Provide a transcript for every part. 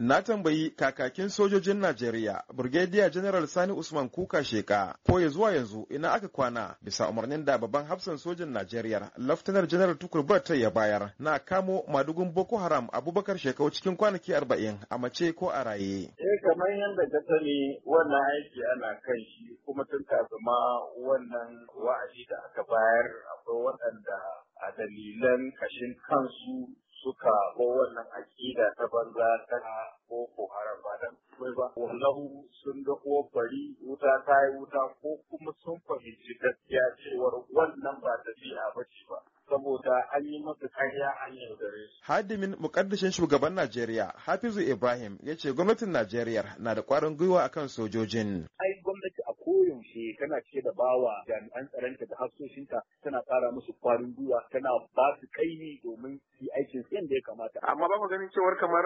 Na tambayi kakakin sojojin Najeriya, Brigadier General Sani Usman Kuka Sheka, ko ya zuwa yanzu ina aka kwana bisa umarnin da babban hafsan sojin Najeriya, Laftanar General Tukur ya bayar na kamo madugun Boko Haram Abubakar Shekau cikin kwanaki arba'in a mace ko a raye. Eh, kamar yadda ka sani wannan aiki ana kan shi kuma tun kafin wannan wa'adi da aka bayar akwai waɗanda a dalilan kashin kansu suka ko wannan aƙida ta banza tana ko ko haramba da kai ba wallahu sun ga ko bari wuta ta yi wuta ko kuma sun fahimci gaskiya cewar wannan ba tafiya ba ce ba saboda an yi masa karya an da Hadimin mukaddashin shugaban Najeriya Hafizu Ibrahim ya ce gwamnatin Najeriya na da kwarin gwiwa akan sojojin. Ai Eh, ce tana cike da bawa jami'an tsaronta da hafsoshinta tana tsara musu kwarin gwiwa tana ba su kaini domin su aikin su yadda ya kamata. Amma ba mu ganin cewar kamar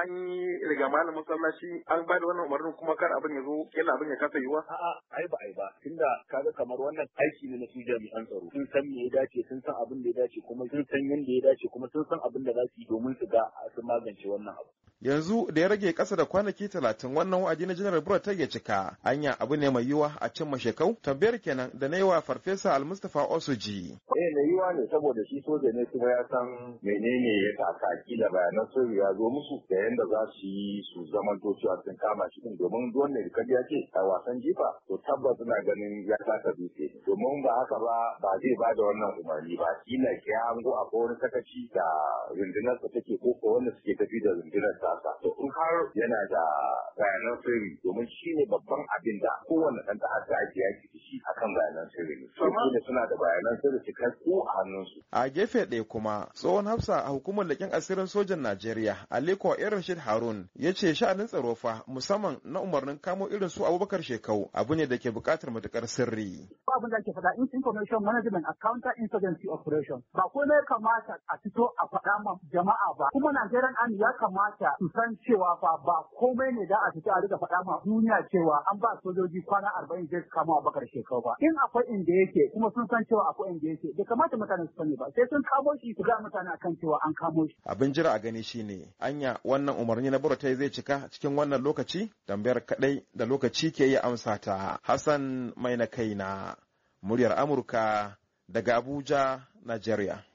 an yi riga malam masallaci an ba da wannan umarnin kuma kar abin ya zo yana abin ya kasa yiwa. A'a ai ba ai ba tunda ka kamar wannan aiki ne na su jami'an tsaro sun san me ya dace sun san abin da ya dace kuma sun san yadda ya dace kuma sun san abin da za su yi domin su ga su magance wannan abu yanzu da ya rage kasa da kwanaki talatin wannan wa'adi na janar ta ya cika anya abu ne mai yiwa a cimma shekau tambayar kenan da na yi wa farfesa almustapha osuji eh mai yiwa ne saboda shi soja ne kuma ya san menene ya kakaki da bayanan soja ya zo musu da yanda za su yi su zaman to cewa sun kama shi domin da kaji ya ce a wasan jifa to tabbas ina ganin ya aka dutse domin ba haka ba ba zai ba da wannan umarni ba kila ki a ko wani sakaci da rundunar ta take ko ko wanda suke tafi da rundunar sa. to in har yana da bayanan sirri domin shine babban abin da kowane ɗan ta'adda ake yaki dole suna da bayanan sirri cikakku a hannunsu. A gefe ɗaya kuma tsohon hafsa a hukumar lakin asirin sojan Najeriya Aliko Yar Rashid Harun ya ce sha'anin tsaro fa musamman na umarnin kamo irin su Abubakar Shekau abu ne da ke buƙatar matuƙar sirri. Ba abin da ke faɗa information management a counter insurgency operation ba komai kamata a fito a faɗa ma jama'a ba kuma Najeriyan an ya kamata su san cewa fa ba komai ne da a fito a riga faɗa ma duniya cewa an ba sojoji kwana arba'in zai kama Abubakar Shekau ba. In akwai inda yake kuma sun san cewa akwai inda yake bai kamata mutane su sani ba sai sun kamo shi su ga mutane akan cewa an kamo shi abin jira a gani shine anya wannan umarni na burtai zai cika cikin wannan lokaci tambayar kadai da lokaci ke yi amsa ta hassan mai na kaina muryar amurka daga abuja nigeria